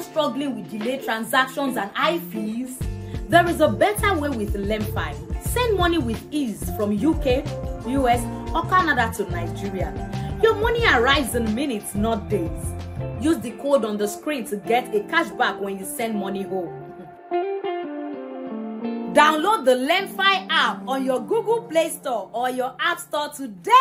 struggling with delayed transactions and high fees? There is a better way with LEMFI. Send money with ease from UK, US, or Canada to Nigeria. Your money arrives in minutes, not days. Use the code on the screen to get a cashback when you send money home. Download the LearnFi app on your Google Play Store or your App Store today.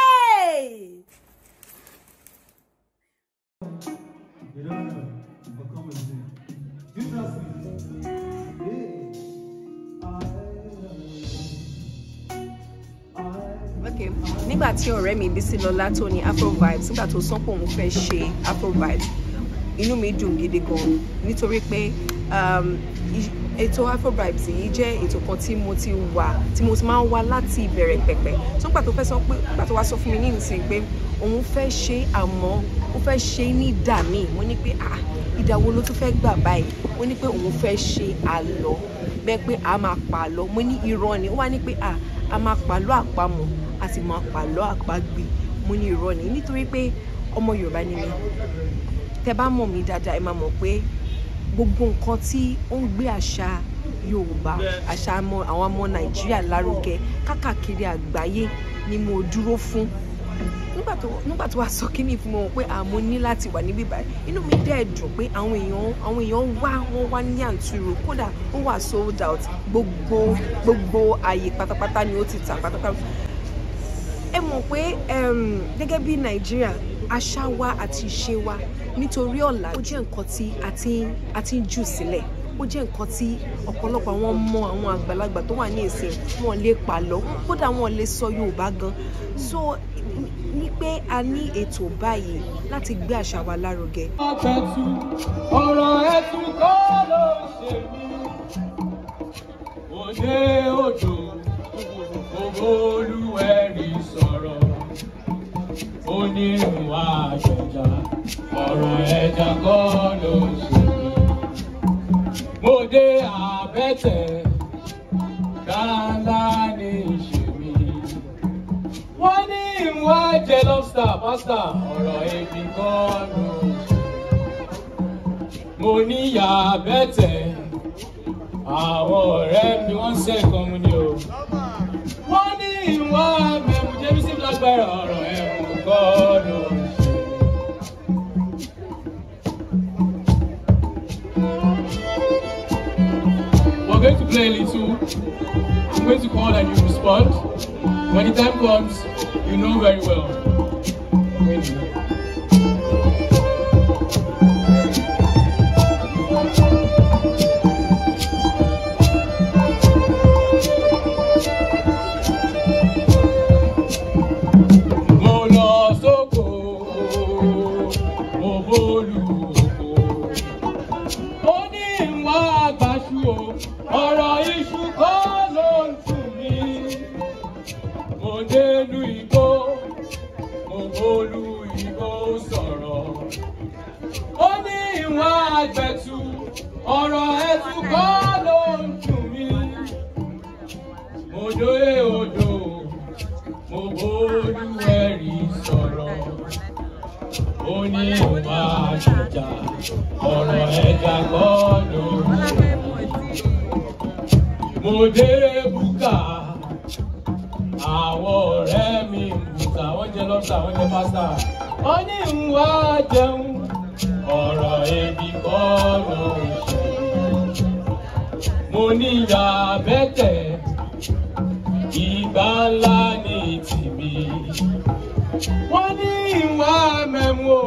nígbà tí ọ̀rẹ́ mi Bísílọ́lá tó ní afro vibes nígbà tó sọ pé òun fẹ́ ṣe afro vibes inú mi dùn gidi gan nítorí pé um, ètò afro vibes yìí jẹ́ ètò kan tí mo ti wà tí mo ti máa ń wá láti ìbẹ̀rẹ̀ pẹ̀pẹ̀ tó gbà tó fẹ́ sọ pé gbà tó wá sọ fún mi ní ìsìn pé òun fẹ́ ṣe àmọ́ ó fẹ́ ṣe ní ìdá míì mo ní pé ah ìdá wo ló tún fẹ́ gbà báyìí ó ní pé òun fẹ́ ṣe àlọ́ bẹ́ẹ̀ pé a máa pa àlọ́ mo ní irọ́ ni ó wá ní pé ah a máa pàlọ́ àpamọ̀ a sì máa pàlọ́ àpagbè mo ní irọ́ ni nítorí pé ọmọ Yorùbá ni mi tẹ bá mọ̀ mí dáadáa ẹ máa mọ̀ pé gbogbo nǹkan tí ó ń gbé àṣà Yorùbá àṣà àwọn ọmọ Nàìjíríà lárugẹ káàkiri àgbáyé ni mo dúró fún nígbà tó nígbà tó wà sọ kíní fún wọn pé àmọ́ ní láti wà níbí báyìí inú mi dẹ́ dùn pé àwọn èèyàn àwọn èèyàn wá wọ́n wá ní àǹtúrò kódà ó wà sold out gbogbo gbogbo ààyè pátápátá ni ó ti tà pátápátá ẹ mọ̀ pé ehm, gẹ́gẹ́ bí nàìjíríà àṣà wa àti ìṣe wa nítorí ọ̀la ó jẹ́ nǹkan tí a ti ń jù sílẹ̀ ó jẹ́ nǹkan tí ọ̀pọ̀lọpọ̀ àwọn ọmọ àwọn àgbàlagbà tó wà ní ìsìn wọn lè pa lọ kódà wọn lè sọ yorùbá gan so ní pé a ní ètò báyìí láti gbé àṣà wa lárugẹ. ọ̀rọ̀ ẹ̀sùn kọ́ ló ṣe mí òde òjò olúwẹ̀rí sọ̀rọ̀ onírun àṣẹjà ọ̀rọ̀ ẹja kọ́ ló ṣe mí mo dé àbẹ́tẹ̀ dáadáa ní ìṣèmí wọ́n ní wá jẹ lobster pásítà ọ̀rọ̀ èmi kan mo níyà bẹ́tẹ̀ àwọn ọ̀rẹ́ mi wọ́n ṣe nǹkan mu ni o. wọ́n ní ìwà mẹ́mú jẹ́bísí lágbára ọ̀rọ̀ ẹ̀mú kan nù. We're going to play a little. I'm going to call and you respond. When the time comes, You know very well. wọ́n ní ìwà mẹ́mu o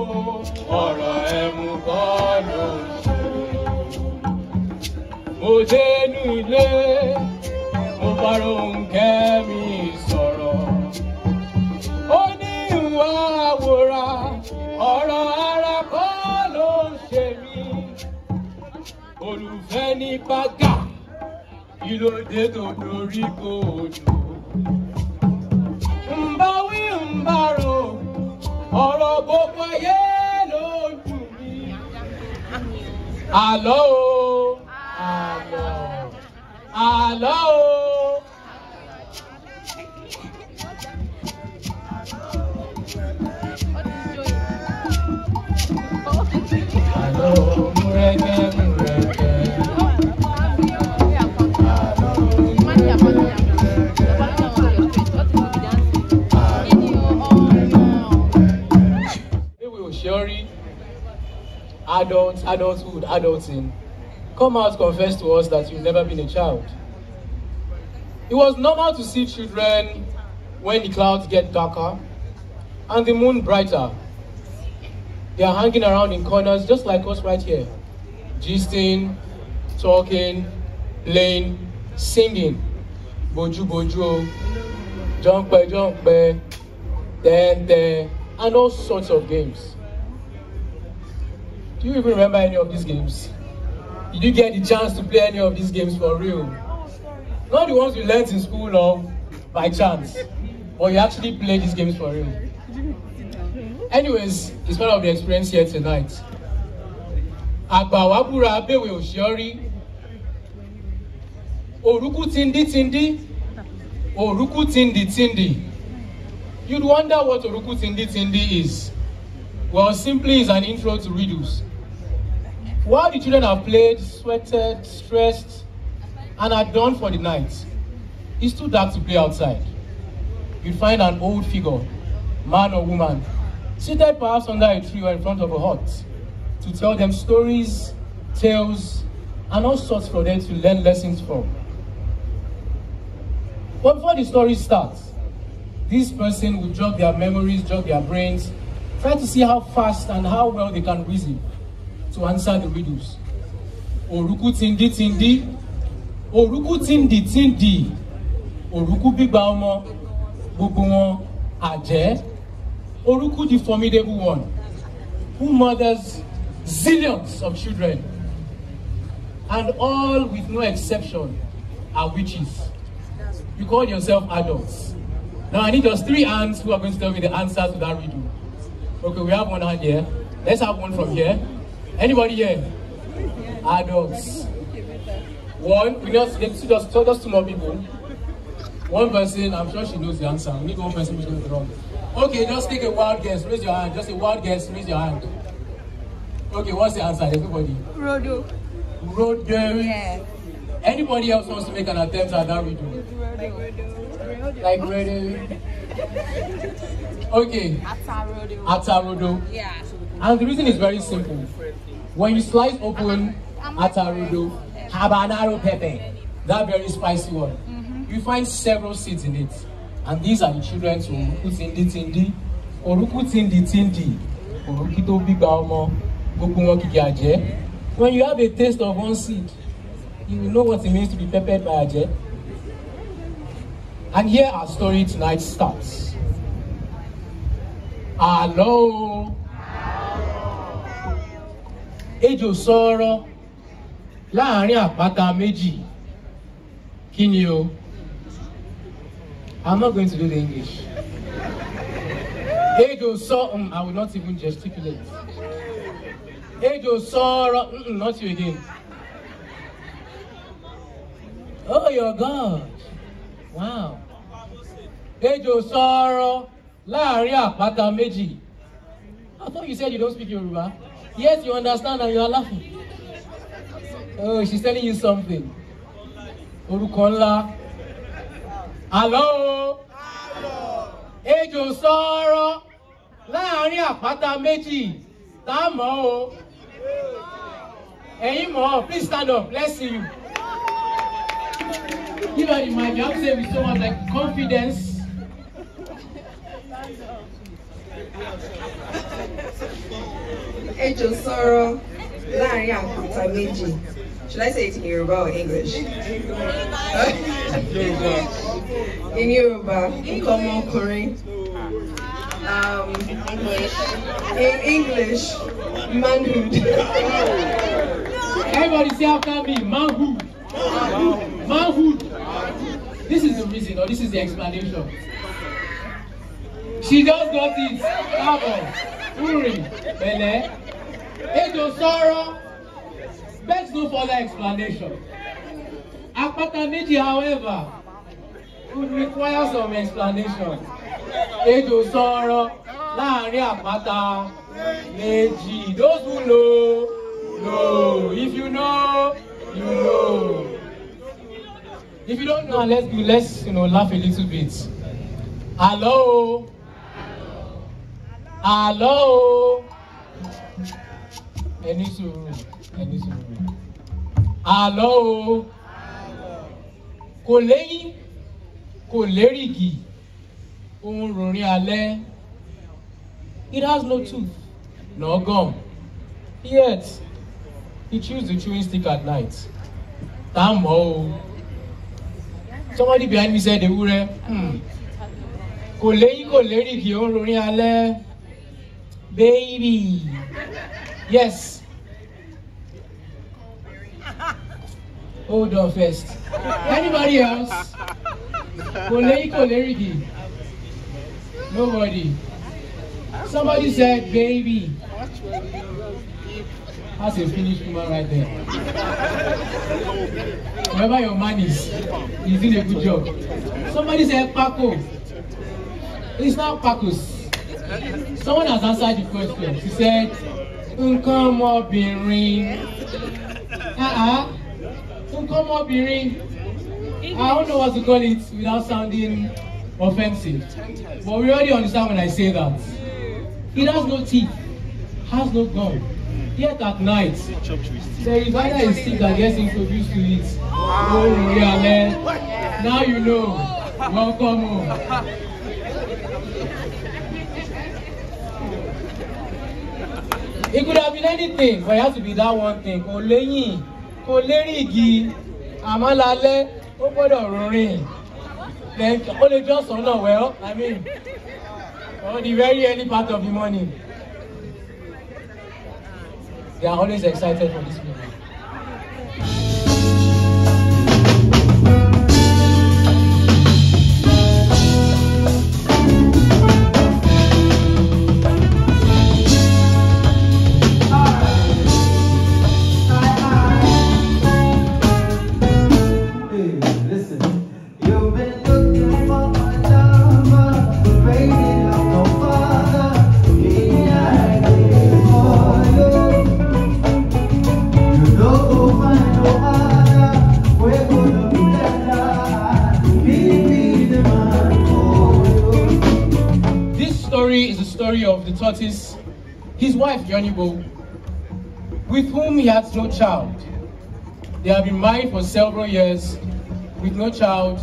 ọ̀rọ̀ ẹ̀mú kọ́ ló ń ṣe. mo dénú ilé mo bá Rónkẹ́ mi sọ̀rọ̀ ó ní ìwà àwòrán ọ̀rọ̀ ara kọ́ ló ń ṣe mí olùfẹ́ ní pàgà ìlòdè tó dorí kodò. ọ̀rọ̀ gbogbo ayé ló ń dùn mí. Àlọ́ o, àlọ́, àlọ́ o. Àlọ́ o, múrẹ́gẹ́. adults, adulthood, adulting, come out confess to us that you've never been a child. It was normal to see children when the clouds get darker and the moon brighter. They are hanging around in corners just like us right here, gisting, talking, playing, singing. Boju boju, jump jump, ten ten, and all sorts of games. Do you even remember any of these games? Did you get the chance to play any of these games for real? Not the ones you learned in school or by chance, but you actually play these games for real. Anyways, it's part of the experience here tonight. Àgbàwábúra tindi. òṣìọ́rí. ruku tindítindí. tindi. tindítindí. You'd wonder what Oruku Tindi Tindi is. Well, simply is an intro to riddles. While the children have played, sweated, stressed, and are done for the night, it's too dark to play outside. You'd find an old figure, man or woman, seated perhaps under a tree or in front of a hut, to tell them stories, tales, and all sorts for them to learn lessons from. But before the story starts, this person will jog their memories, jog their brains, try to see how fast and how well they can reason to answer the riddles. Òrùkú tindi tindi, òrùkú tindi tindi, òrùkú gbígba ọmọ, gbogbo wọn àjẹ́. Òrùkú the formidable one who murders zillions of children and all with no exception are witches. You call yourself adults. Now I need just three hands who are going to tell me the answer to that riddle. Okay, we have one hand here. Let's have one from here. Anybody here? Adults. One, we just, to just, just, just two more people. One person, I'm sure she knows the answer. We need one person to the wrong. Okay, just take a wild guess. Raise your hand. Just a wild guess. Raise your hand. Okay, what's the answer? Everybody. Rodo. Rodo. Yeah. Anybody else wants to make an attempt at that riddle? Like Rodo. Like Rodo. okay. Ata Rodo. Ata Rodo. Yeah. And the reason is very simple. When you slice open atarudo, habanero pepe, that very spicy one, mm -hmm. you find several seeds in it. And these are the children to Oruku Tindi Tindi, Oruku Tindi Tindi, Oruki to Bigba Omo, Gbogbo Wọn Kiki Aje. When you have a taste of one seed, you know what it means to be peppered by Aje. And here our story tonight starts. Hello ejò sọọrọ láàrin àpáta méjì kí ni o i'm not going to do the english ejò sọ um, i will not even gesticulate ejò sọọrọ mm, mm, not you again oh your god wow ejò sọọrọ láàrin àpáta méjì i thought you said you don't speak Yoruba. Yes, you understand and you are laughing. Oh, she's telling you something. Orukonla. Hello. Ejò sọ̀rọ̀ láàrin àpáta méjì tá a mọ̀ o. Ẹ̀yin please stand up bless you. You know, you might You have to say with so much like confidence ejò sọ̀rọ̀ láàrin àkúta should I say it in Yoruba or English? in Yoruba Common ọmọkùnrin um, in English manhood. Everybody say how me manhood. manhood. Manhood. This is the reason or this is the explanation. She just got it. Bravo. Uri. Bele. Ejò sọ̀rọ̀ begs no further explanation. Àpáta méjì however would require some explanation. Ejò sọ̀rọ̀ láàrin àpáta méjì those who know know if you know you know. If you don't know, let's do, let's you know laugh a little bit. Hello. Hello. Hello ẹni sùúrù ẹni sùúrù àlọ́ o kò léyìn kò lérìgì òun rọrin alẹ́ it has no tooth nor gum yet he chews the chewing stick at night tá a o somebody behind me said ewúrẹ́ hmm. kò léyìn kò lérìgì òun rọrin alẹ́ baby. Yes. Hold on first. Anybody else? Call Kolerigi. Nobody. Somebody said baby. That's a finished woman right there. Wherever your man is, he's doing a good job. Somebody said Paco. It's not Pacos. Someone has answered the question. She said uh-huh. nǹkan ọmọbìnrin I don't know what to call it without sounding offensive but we already understand when I say that it has no teeth has no gum yet at night the divider is sick that gets introduced to it oh yeah man now you know welcome home. It could have been anything, but it has to be that one thing. Kò léyìn, kò lérí igi, àmọ́ lálẹ́, ó gbọ́dọ̀ rọrin. Then ó lè jọ sọ náà well, I mean, on the very early part of the morning. They are always excited for this meeting. with whom he has no child. They have been married for several years with no child,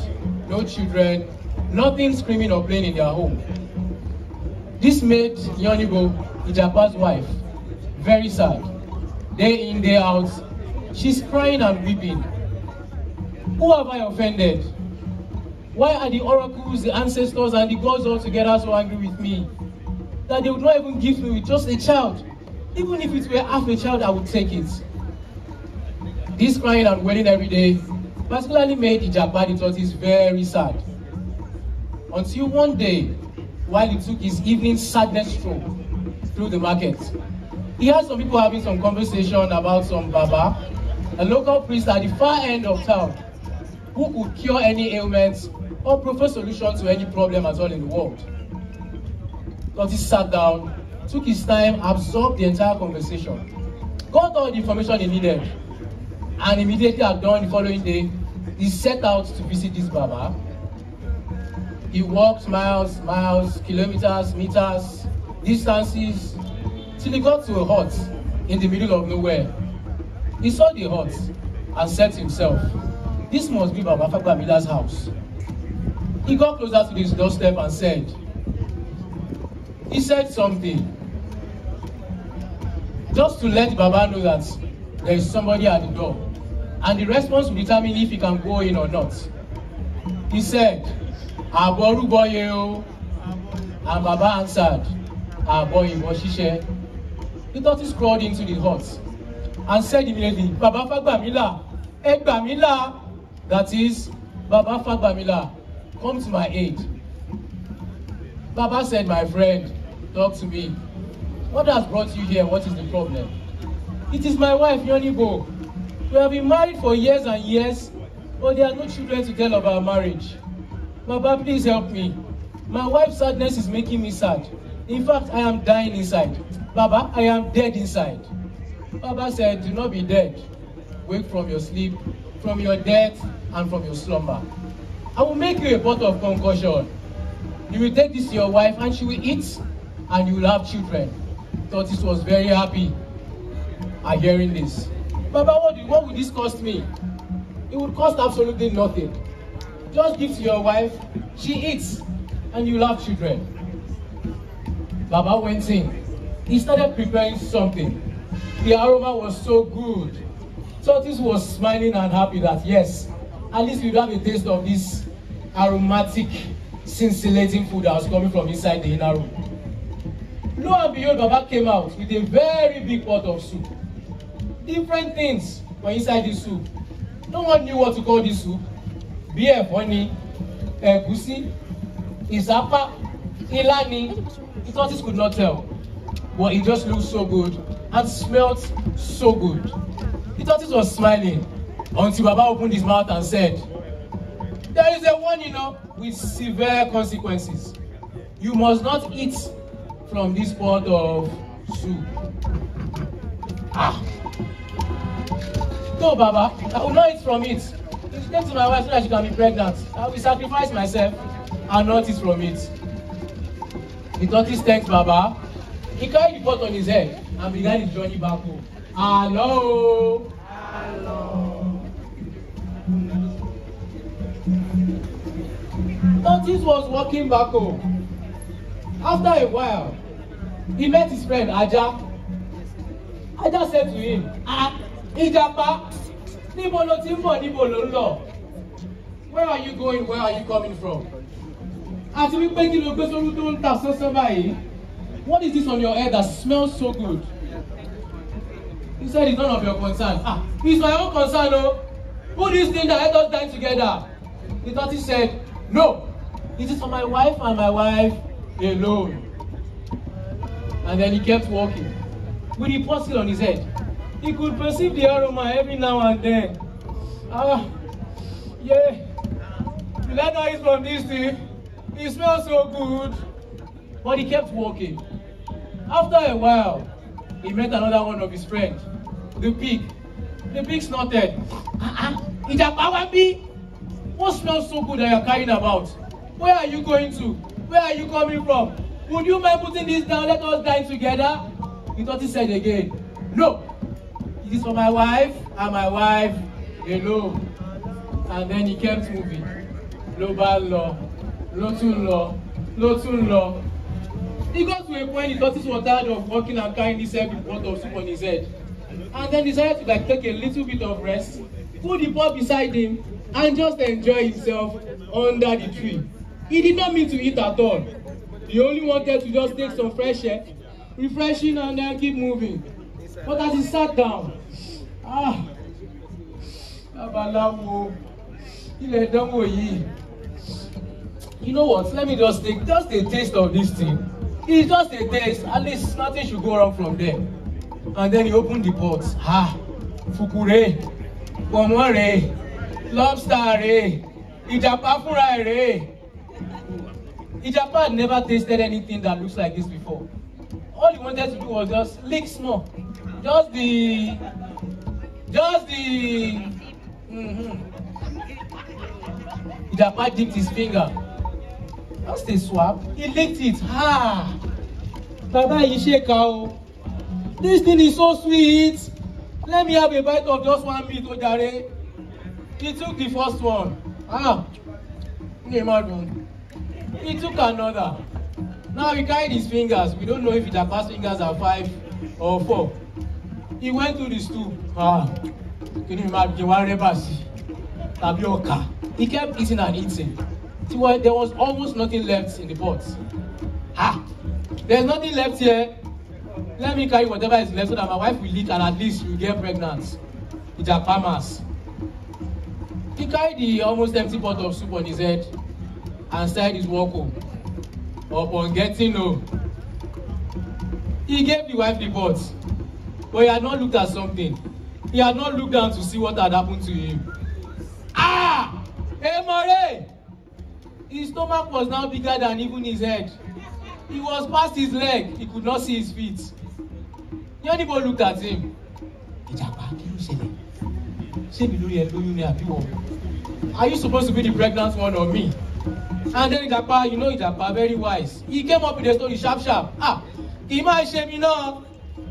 no children, nothing screaming or playing in their home. This made Yonibo Ijapa's wife very sad. Day in, day out, she's crying and weeping. Who have I offended? Why are the oracles, the ancestors, and the gods all together so angry with me? That they would not even give me just a child even if it were half a child, I would take it. This crying and wailing every day, particularly made the Japan tortoise very sad. Until one day, while he took his evening sadness stroll through the market, he heard some people having some conversation about some Baba, a local priest at the far end of town, who could cure any ailments or provide solutions to any problem at all in the world. Tortoise sat down took his time, absorbed the entire conversation, got all the information he needed, and immediately at dawn the following day, he set out to visit this Baba. He walked miles, miles, kilometers, meters, distances, till he got to a hut in the middle of nowhere. He saw the hut and said to himself, this must be Baba Fagbamila's house. He got closer to his doorstep and said, he said something just to let Baba know that there is somebody at the door. And the response will determine if he can go in or not. He said, Aboruboye o. And Baba answered, Aboyibo ṣiṣẹ́. The tortoise crawled into the hut and said immediately, Baba Fagbamila, Egbamila, that is, Baba Fagbamila, come to my aid. Baba said, my friend, talk to me. What has brought you here? What is the problem? It is my wife, Yonibo. We have been married for years and years, but there are no children to tell of our marriage. Baba, please help me. My wife's sadness is making me sad. In fact, I am dying inside. Baba, I am dead inside. Baba said, do not be dead. Wake from your sleep, from your death, and from your slumber. I will make you a pot of concussion. You will take this to your wife and she will eat, and you will have children. Tortoise was very happy at hearing this. Baba, what, what would this cost me? It would cost absolutely nothing. Just give to your wife, she eats, and you have children. Baba went in. He started preparing something. The aroma was so good. Tortoise was smiling and happy that, yes, at least we have a taste of this aromatic, scintillating food that was coming from inside the inner room. lo and behold, Baba came out with a very big pot of soup. Different things were inside the soup. No one knew what to call this soup. Beer, honey, egusi, isapa, ilani. The tortoise could not tell. But it just looked so good and smelled so good. The tortoise was smiling until Baba opened his mouth and said, There is a warning you know, with severe consequences. You must not eat from this part of Su. Ah! No, Baba, I will not eat from it. It came to my wife so that she can be pregnant. I will sacrifice myself and not eat from it. The tortoise thanks Baba. He carried the pot on his head and began his journey back home. Hello! Hello! Tortoise was walking back home. After a while, he met his friend Ajá. Ajá said to him, Ah, Ijapa, níbo lo ti ń bọ̀ níbo lo Where are you going? Where are you coming from? Àti wípé kí ló gbé sórí to ń ta sánsán báyìí? What is this on your head that smells so good? He said it's none of your concern. Ah, it's my own concern oh. Who this thing that let us die together. The tortoise said, No, it is for my wife and my wife alone. And then he kept walking with the postle on his head. He could perceive the aroma every now and then. Ah, yeah. the I not from this tree? It smells so good. But he kept walking. After a while, he met another one of his friends, the pig. The pig snorted. Ah, ah, it's a power bee. What smells so good that you're carrying about? Where are you going to? where are you coming from? Would you mind putting this down? Let us dine together. Ìtọ́tí said again, no, it is for my wife and my wife alone. And then he kept moving. Ló bá lọ, ló tún law. ló tún lọ. He got to a point Ìtọ́tí was tired of walking and carrying this heavy pot of soup on his head. And then decided to like take a little bit of rest, put the pot beside him, and just enjoy himself under the tree. He did not mean to eat at all. He only wanted to just take some fresh air, refreshing and then keep moving. But as he sat down, ah, You know what? Let me just take just a taste of this thing. It's just a taste. At least nothing should go wrong from there. And then he opened the pot. Ah, fukure, pọ̀nmọ́ rẹ̀, lobster rẹ̀, ìjàpá fúnra Ijapa had never tasted anything that looks like this before. All he wanted to do was just lick small. Just the, just the, mm-hmm. Ijapa dipped his finger. Just a swab. He licked it. Ha! Ah! Baba, you shake out. Oh. This thing is so sweet. Let me have a bite of just one meat, Ojare. Oh, he took the first one. Ah, no, one. He took another. Now he carried his fingers. We don't know if the past fingers are five or four. He went to the stool. Ah, kí ni máa jẹ wá rẹ́bà sí He kept eating and eating. See Till there was almost nothing left in the pot. Ah, there's nothing left here. Let me carry whatever is left so that my wife will eat and at least you get pregnant. It's a mass. He carried the almost empty pot of soup on his head and said his work Upon getting home, he gave the wife the pot, but he had not looked at something. He had not looked down to see what had happened to him. Ah! Emore! His stomach was now bigger than even his head. He was past his leg. He could not see his feet. Yanibo looked at him. Are you supposed to be the pregnant one or me? and then Ìjàpá you know Ìjàpá very wise he came up with the story sharp sharp ah me now.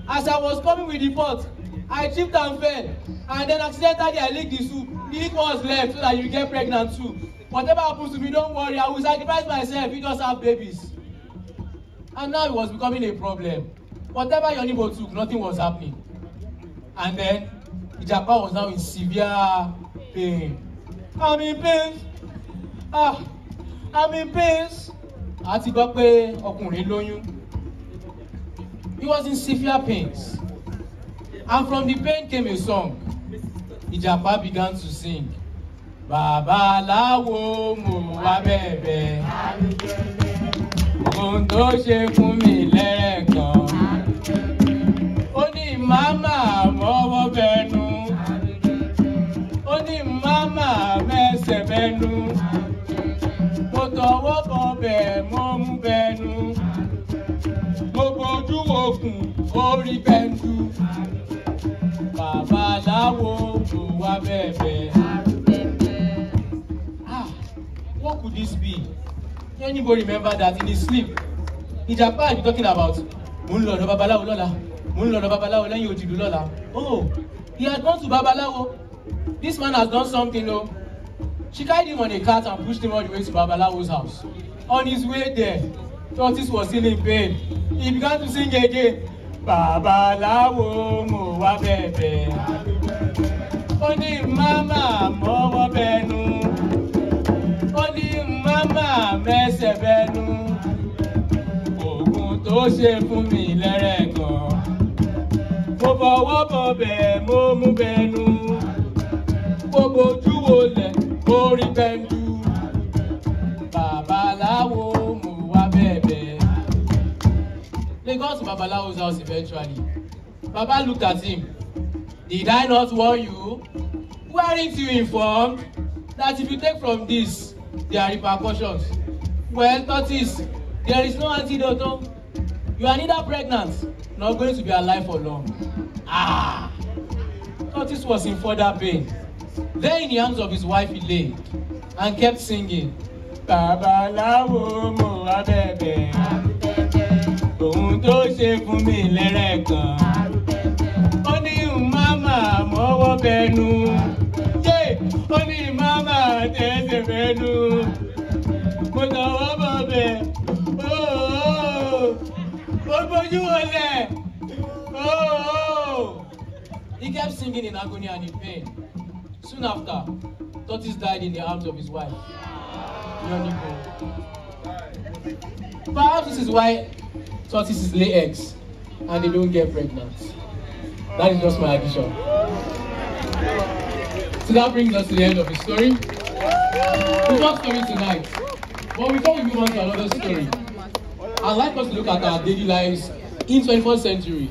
as i was coming with the pot i tripped and fell and then accidentally i leaked the soup the leak was left so that you get pregnant too whatever happens to me don't worry i will sacrifice myself you just have babies and now it was becoming a problem whatever your neighbor took nothing was happening and then Ìjàpá was now in severe pain i'm in pain ah. I'm in pains. A ti gbọ́ pé ọkùnrin lóyún. He was in severe pains. And from the pain came a song. Ìjàpá began to sing. Babaláwo mo wá bẹ̀bẹ̀. Ohun tó ṣe fún mi lẹ́ẹ̀kan. Ó ní màmá mọ́wọ́ bẹnu. Ó ní màmá mẹ́sẹ̀ bẹnu bẹ̀ wọ́n mú bẹnu mo bojú òkun orí bẹ́ńdú babaláwo kò wá bẹ̀bẹ̀. ah what could this be can anybody remember that in his sleep ìjàpá i be talking about mo ń lọ ọ̀dọ̀ babaláwo lọ́la mo ń lọ ọ̀dọ̀ babaláwo lẹ́yìn òjìlú lọ́la oh he had gone to babaláwo this man has done something o. Oh. She carried him on a cart and pushed him all the way to Babalawo's house. On his way there, Tortoise was still in pain. He began to sing again. Babaláwo mo wá bẹ̀bẹ̀. Ó ní màmá mọ́wọ́ bẹnu. Ó ní màmá mẹ́sẹ̀ bẹnu. Oògùn tó ṣe fún mi lẹ́rẹ̀ Mo bọ̀wọ́ bọ̀bẹ̀ mo mú bẹnu. Mo bojú wo lẹ̀ mo rí bẹ́ńdù babaláwo mo wá bẹ̀bẹ̀ Lagos babalawo's house eventually baba looked at him did I not warn you weren't you informed that if you take from this there are repercussions well tortoise there is no antidote oh. you are neither pregnant nor going to be alive for long ah tortoise was in further pain there in the arms of his wife he lay and kept singing babaláwo mo wá bẹ̀bẹ̀ ohun tó ṣe fún mi lẹ́rẹ̀kan ó ní màmá mọ́wọ́ bẹnu ṣé ó ní màmá tẹ̀sẹ̀ bẹnu mo tọwọ́ bọ̀ bẹ̀ ó gbójú wọlé he kept singing in agony and in pain soon after tortoise died in the arms of his wife. You're Perhaps this is why tortoises lay eggs and they don't get pregnant. That is just my addition. So that brings us to the end of the story. We've story tonight. But before we move on to another story, I'd like us to look at our daily lives in 21st century.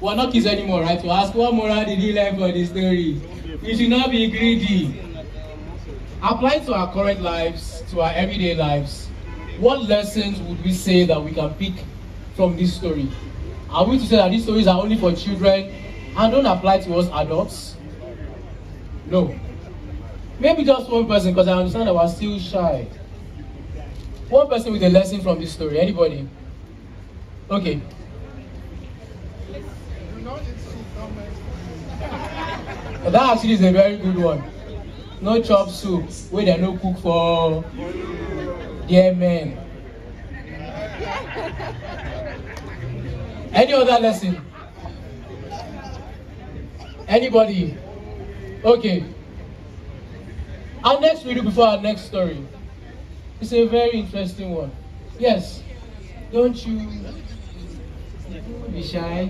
We're not kids anymore, right? To ask what moral did we learn for the story? You should not be greedy applied to our current lives, to our everyday lives, what lessons would we say that we can pick from this story? Are we to say that these stories are only for children and don't apply to us adults? No. Maybe just one person, because I understand that we're still shy. One person with a lesson from this story. Anybody? Okay. That actually is a very good one no chop soup wey dem no cook for dear men. Any other lesson? Anybody? Okay. Our next video before our next story. It's a very interesting one. Yes. Don't you be shy?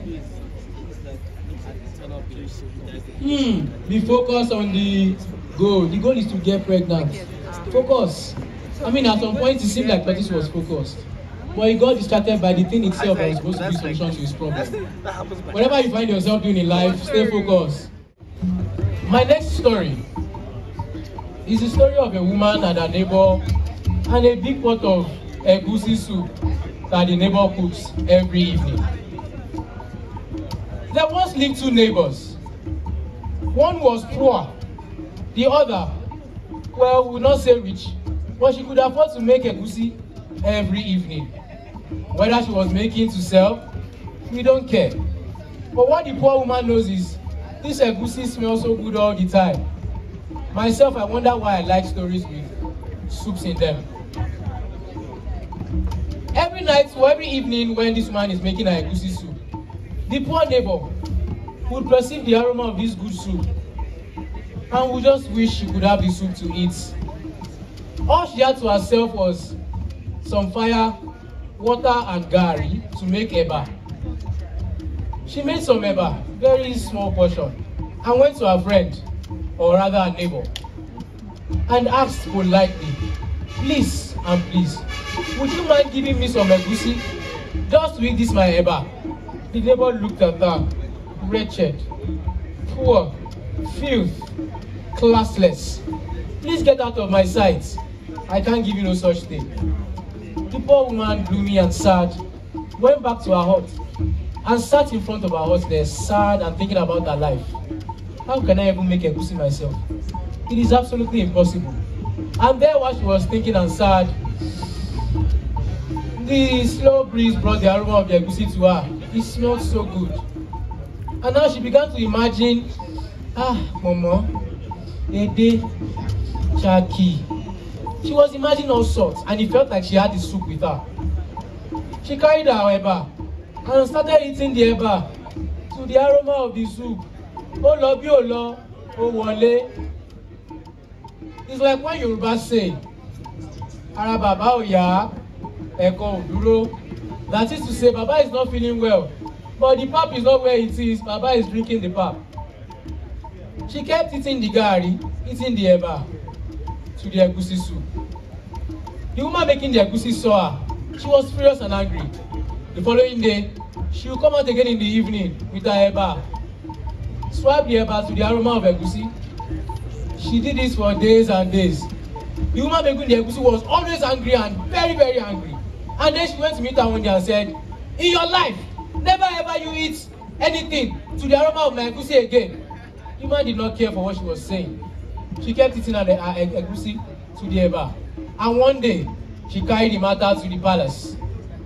Hmm. Be focused on the goal. The goal is to get pregnant. Uh, Focus. I mean, at some point, it seemed like Patrice was focused. But he got distracted by the thing itself that was supposed to be solution to his problem. Whatever you find yourself doing in life, stay focused. My next story is the story of a woman and her neighbor and a big pot of egusi soup that the neighbor cooks every evening. There once lived two neighbors. One was poor The other, well, we will not say rich, but she could afford to make a egusi every evening. Whether she was making to sell, we don't care. But what the poor woman knows is, this egusi smells so good all the time. Myself, I wonder why I like stories with soups in them. Every night or every evening when this man is making a egusi soup, the poor neighbor would perceive the aroma of this good soup and we just wish she could have the soup to eat. All she had to herself was some fire, water and gari to make eba. She made some eba, very small portion, and went to her friend, or rather her neighbor, and asked politely, please and please, would you mind giving me some egusi? Just to eat this my eba. The neighbor looked at her, wretched, poor, filth, classless. Please get out of my sight. I can't give you no such thing. The poor woman, gloomy and sad, went back to her hut and sat in front of her hut there, sad and thinking about her life. How can I even make a goosey myself? It is absolutely impossible. And there while she was thinking and sad, the slow breeze brought the aroma of the goosey to her. It smelled so good. And now she began to imagine ah mọ̀mọ́ edé Jackie she was imagining all sorts and it felt like she had the soup with her she carried her eba and started eating the eba to the aroma of the soup ó lọ bí ó lọ ó wọlé it's like when Yoruba say ara bàbá ò yá ẹ̀kọ́ ò dúró that is to say Baba is not feeling well but the pap is not where it is Baba is drinking the pap. She kept eating the gari, eating the eba to the egusi soup. The woman making the egusi saw her. She was furious and angry. The following day, she would come out again in the evening with her eba. swipe the eba to the aroma of egusi. She did this for days and days. The woman making the egusi was always angry and very, very angry. And then she went to meet her one day and said, In your life, never ever you eat anything to the aroma of my egusi again. Ima did not care for what she was saying. She kept eating at the, her egusi to the eba. And one day, she carried the matter to the palace.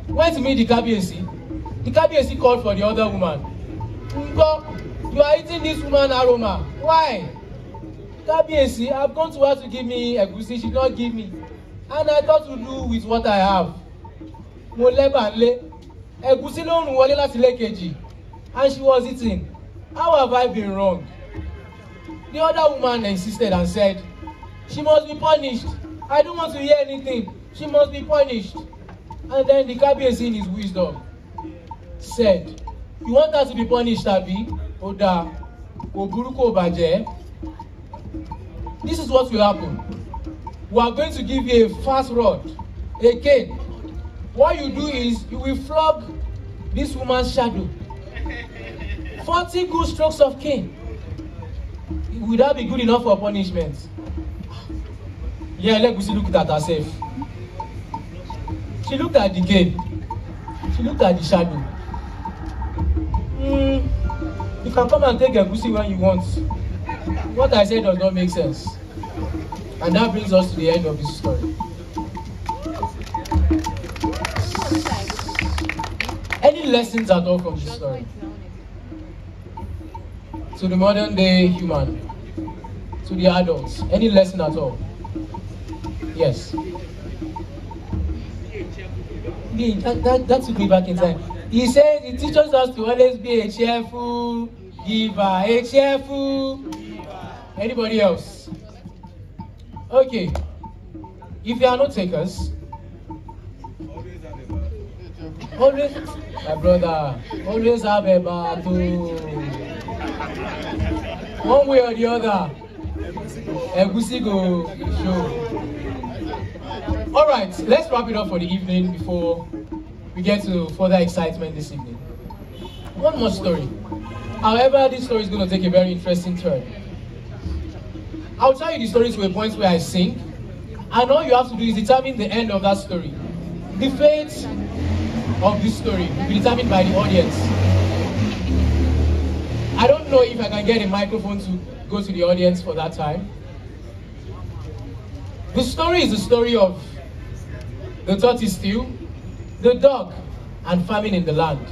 Went to meet the Kabiyesi. The Kabiyesi called for the other woman. Nko, you are eating this woman aroma. Why? Kabiyesi, I've gone to her to give me egusi. She did not give me. And I thought to do with what I have. Mo leba le. Ẹ̀gúsí ló ń rùn wọlé láti And she was eating. How have I been wrong? The other woman insisted and said, She must be punished. I don't want to hear anything. She must be punished. And then the Kabiyesi in his wisdom said, You want her to be punished, Abi? Oda, Oburuko, Baje? This is what will happen. We are going to give you a fast rod, a cane. What you do is you will flog this woman's shadow. Forty good strokes of cane would that be good enough for punishment? Yeah, let Gusi look at herself. She looked at the game. She looked at the shadow. Mm, you can come and take Gusi when you want. What I said does not make sense. And that brings us to the end of this story. Any lessons at all from this story? To the modern day human to the adults? Any lesson at all? Yes. That, that, that took be back in time. He says he teaches us to always be a cheerful giver. A cheerful giver. Anybody else? Okay. If you are not takers, always, my brother, always have a battle. One way or the other. Egusi go show. All right, let's wrap it up for the evening before we get to further excitement this evening. One more story. However, this story is going to take a very interesting turn. I'll tell you the story to a point where I sing, and all you have to do is determine the end of that story. The fate of this story will be determined by the audience. I don't know if I can get a microphone to go to the audience for that time. The story is the story of the tortoise stew, the dog, and famine in the land.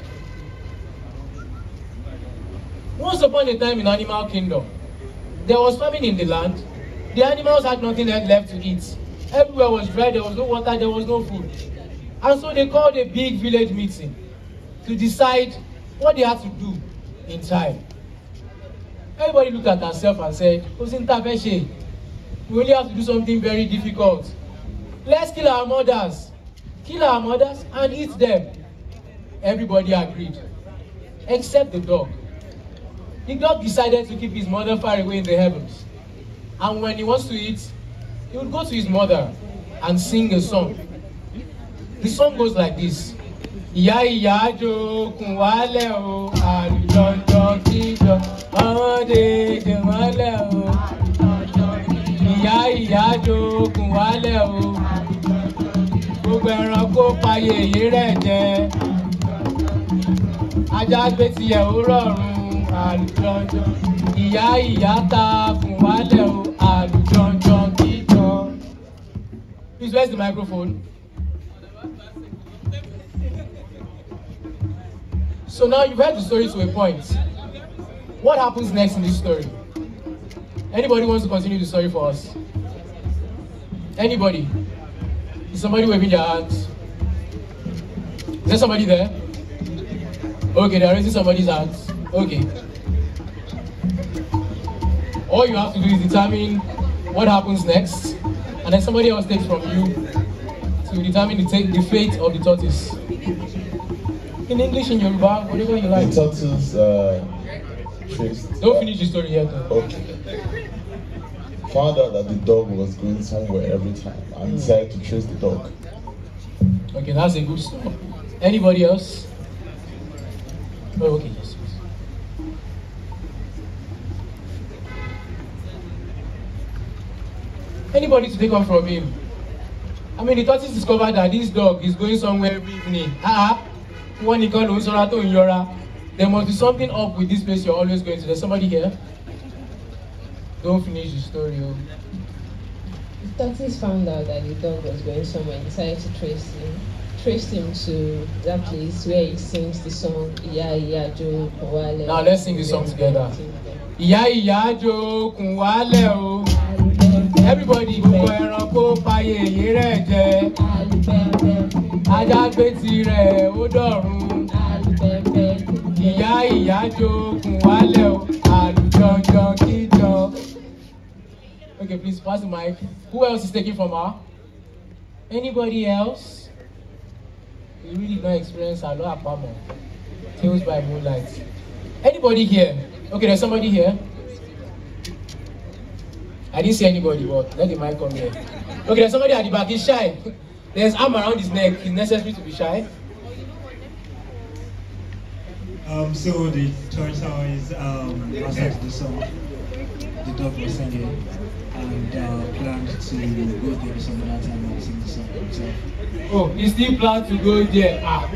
Once upon a time in animal kingdom, there was famine in the land. The animals had nothing left to eat. Everywhere was dry, there was no water, there was no food. And so they called a big village meeting to decide what they had to do in time. everybody looked at herself and said osinta fẹ́ ṣe we only have to do something very difficult let's kill our mothers kill our mothers and eat them everybody agreed except the dog the dog decided to keep his mother far away in the heavens and when he wants to eat he would go to his mother and sing a song the song goes like this ìyá ìyá jogún wálẹ̀ o àrùjọjọ kíjọ ọmọdé dèmọ́lẹ̀ o ìyá ìyá jogún wálẹ̀ o gbogbo ẹranko payé èyí rẹ̀ jẹ ajá gbé tiẹ̀ ó rọrùn àrùjọjọ ìyá ìyá ta kùn wálẹ̀ o àrùjọjọ kíjọ. Please, where's the microphone? So now you've heard the story to a point. What happens next in this story? Anybody wants to continue the story for us? Anybody? Is somebody waving their hands? Is there somebody there? Okay, they're raising somebody's hands. Okay. All you have to do is determine what happens next, and then somebody else takes from you to determine the, the fate of the tortoise in English, in Yoruba, whatever you like. The turtles, uh, Don't finish the story yet. Though. Okay. Found out that the dog was going somewhere every time and hmm. decided to chase the dog. Okay, that's a good story. Anybody else? Oh, okay, yes. Anybody to take off from him? I mean, the tortoise discovered that this dog is going somewhere every evening. Ah, uh -uh. wọ́n nìkan ló ń sọ́ra tó ń yọra there must be something up with this place you're always going to there's somebody here don't finish the story o. Oh. the taxis found out that the dog was going somewhere and decided to trace him trace him to that place where he sings the song Iya Iya Jo Kunwale. now let's sing the song together. Ìyá ìyá jo Kunwale o. Oh everybody gbogbo ẹranko payé èyí rẹ̀ jẹ ajá gbé tirẹ̀ ó dọ̀run ìyá ìyá jogun wálẹ̀ o àlùjọjọ kíjọ. Okay, please pass the mic. Who else is taking from her? Anybody else? You really don't experience a lot Tales by Moonlight. Anybody here? Okay, there's somebody here. I didn't see anybody, but let the mic come here. Okay, there's somebody at the back, he's shy. There's arm around his neck, it's necessary to be shy. Um, so the church song is um, Master the song the dog was singing and uh, planned to go there some other time and sing the song himself. Oh, he still planned to go there ah,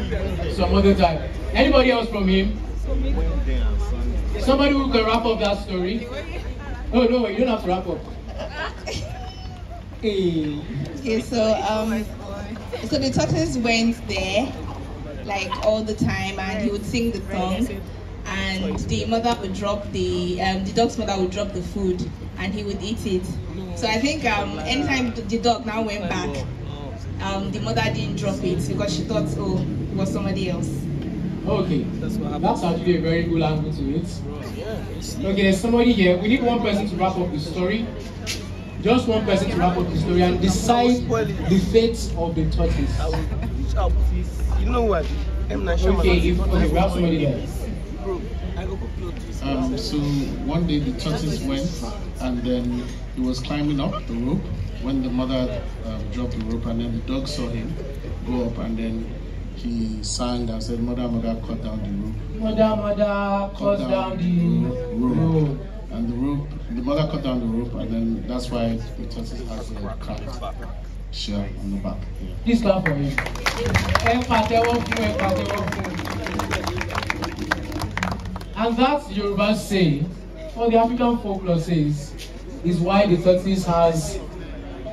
some other time. Anybody else from him? Somebody who can wrap up that story? Oh, no, you don't have to wrap up. Okay, so, um, so the tortoise went there, like, all the time, and he would sing the song, and the mother would drop the, um, the dog's mother would drop the food, and he would eat it. So I think um, anytime the dog now went back, um, the mother didn't drop it because she thought, oh, it was somebody else. Okay. That's actually a very good angle to it. Okay, there's somebody here. We need one person to wrap up the story. Just one person to wrap up the story and decide the fate of the tortoise. You know what? Okay, if, okay, we have somebody there. Um, so one day the tortoise went and then he was climbing up the rope when the mother um, dropped the rope and then the dog saw him go up and then he sang and said, Mother, Mother, cut down the rope. Mother, Mother, cut, down, down, the rope. rope. rope. And the rope, the mother cut down the rope, and then that's why tortoise has a cracked shell on the back. Yeah. This clap for him. And that Yoruba say, for the African folklore says, is why the tortoise has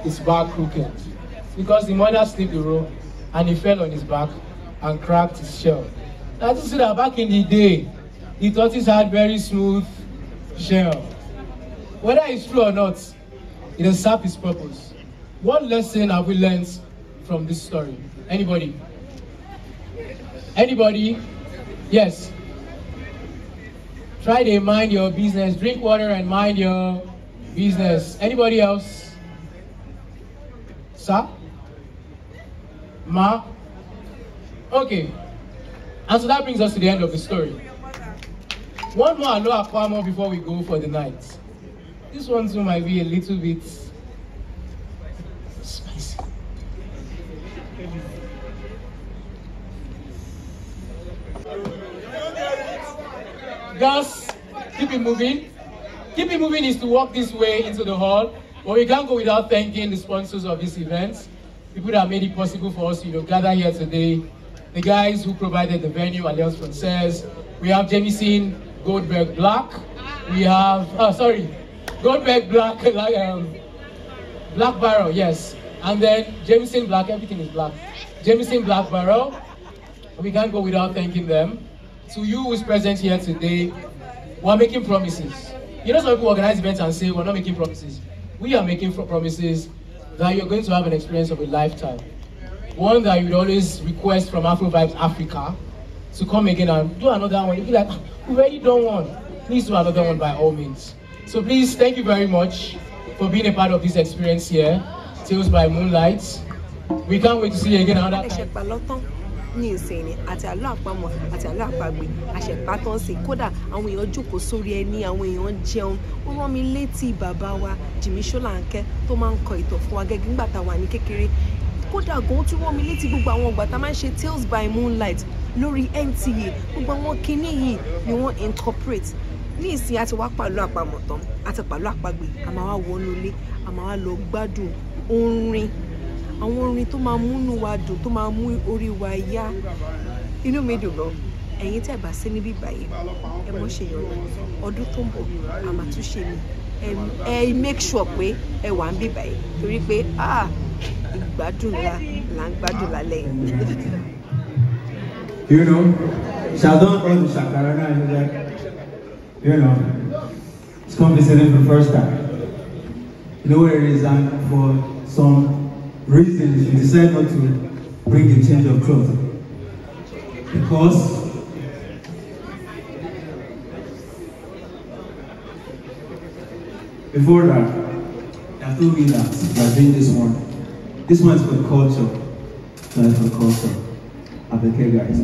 its back crooked. Because the mother slipped the rope and he fell on his back and cracked his shell. That is that back in the day, the tortoise had very smooth shell. Whether it's true or not, it has served its purpose. What lesson have we learned from this story? Anybody? Anybody? Yes. Try to mind your business. Drink water and mind your business. Anybody else? Sir? Ma? Okay. And so that brings us to the end of the story. One more Alo Aquamo before we go for the night. This one too might be a little bit spicy. Guys, keep it moving. Keep it moving is to walk this way into the hall. But we can't go without thanking the sponsors of this event, people that made it possible for us to you know, gather here today the guys who provided the venue, Alliance Francaise. We have Jamieson Goldberg Black. We have, oh, sorry, Goldberg Black, like, um, Black Barrel, yes. And then Jamieson Black, everything is black. Jamieson Black Barrel. We can't go without thanking them. To you who's present here today, we're making promises. You know, some people organize events and say, we're not making promises. We are making promises that you're going to have an experience of a lifetime. one that you always request from Afro Vibes Africa to come again and do another one. You'll be like, ah, we already done one. Please do another one by all means. So please, thank you very much for being a part of this experience here. Tales by Moonlight. We can't wait to see you again another time. ní ìsìn ni àti àlọ́ àpamọ̀ àti àlọ́ àpagbè àṣẹ̀pátán sí kódà àwọn èèyàn jókòó sórí ẹni àwọn èèyàn jẹun ó rán mi létí bàbá wa Jìmí Ṣóláńkẹ́ tó máa ń kọ ìtàn fún wa gẹ́gẹ́ nígbà tá ní kékeré kódà gan ó tún rán mi létí gbogbo àwọn ìgbà tá a máa ń ṣe tales by moonlight lórí NTA gbogbo àwọn kinní yìí ni wọ́n incorporate ní ìsìn àti wá pàlọ́ àpamọ̀ tán àti pàlọ́ àpagbè a máa wá wọnú ilé a máa wá lọ gbádùn orin àwọn orin tó máa múnú wa dùn tó máa mú orí wa yá inú mi dùn gan ẹ̀yin tẹ́ bá sí níbí báyìí ẹ mọ̀ ṣe yọ̀ ọdún tó ń bọ̀ a máa tún ṣe mí ẹ make sure pé ẹ wà ń bí báyìí torí pé ah ìgbádùn you know Shaldon brought the shakara now and like you know it's compensating for the first time you know where it is and for some reason she decided not to bring the change of clothes because before that. I told you that you are doing this one. This one's for culture. That's for culture. I'll be okay, guys.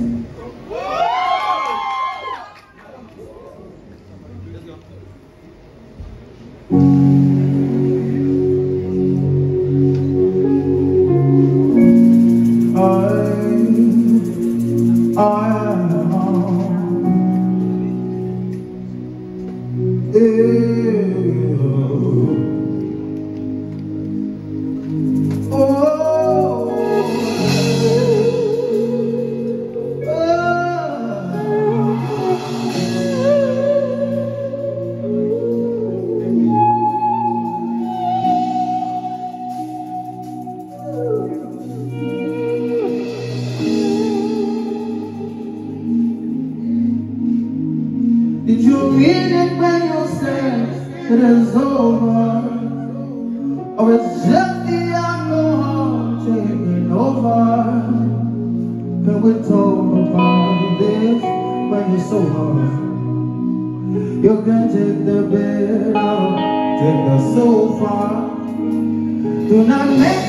it is over. Or it's just the alcohol taking over. And we're told about this when you're so hard. You can take the bed out, take us so far. Do not make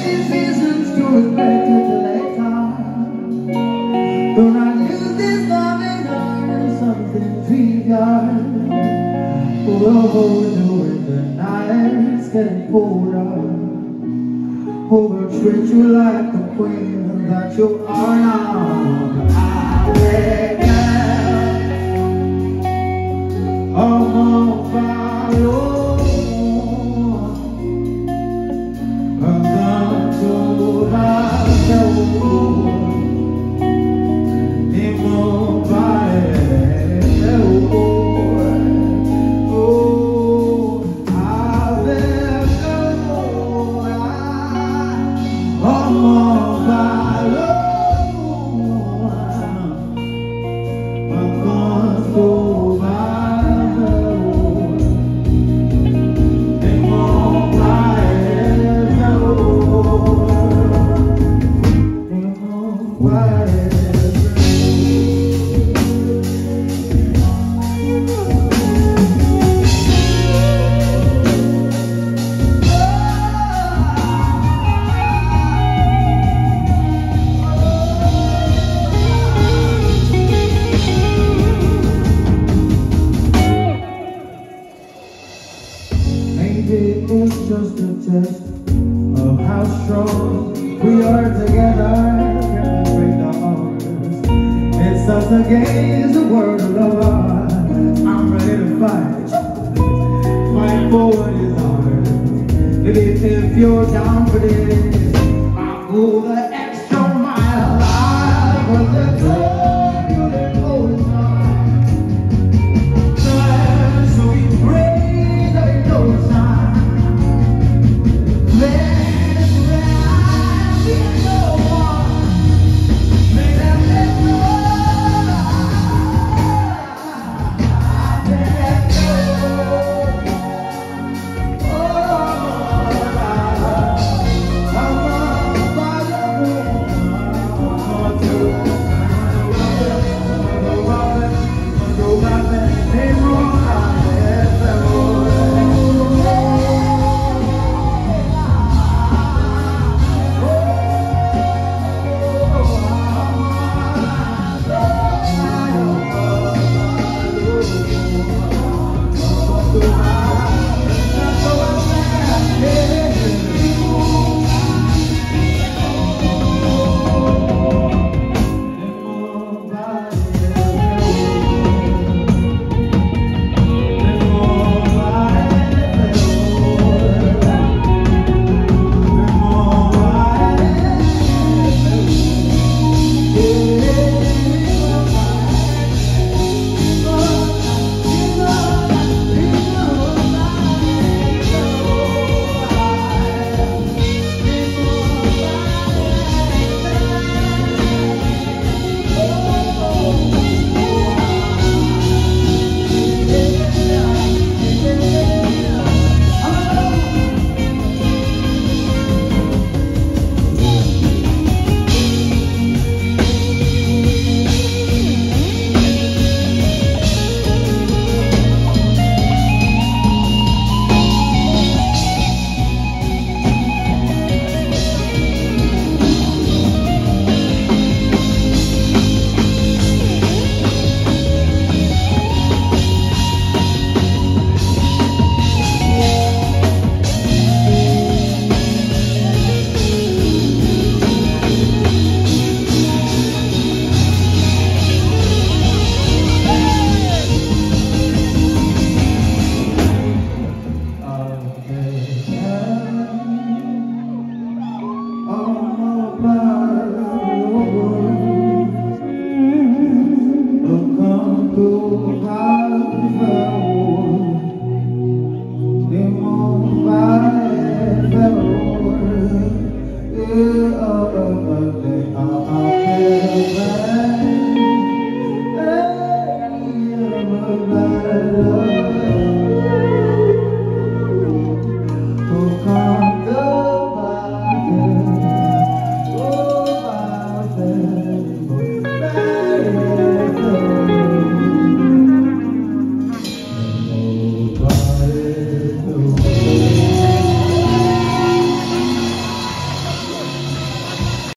treat you lại a quên, and that you'll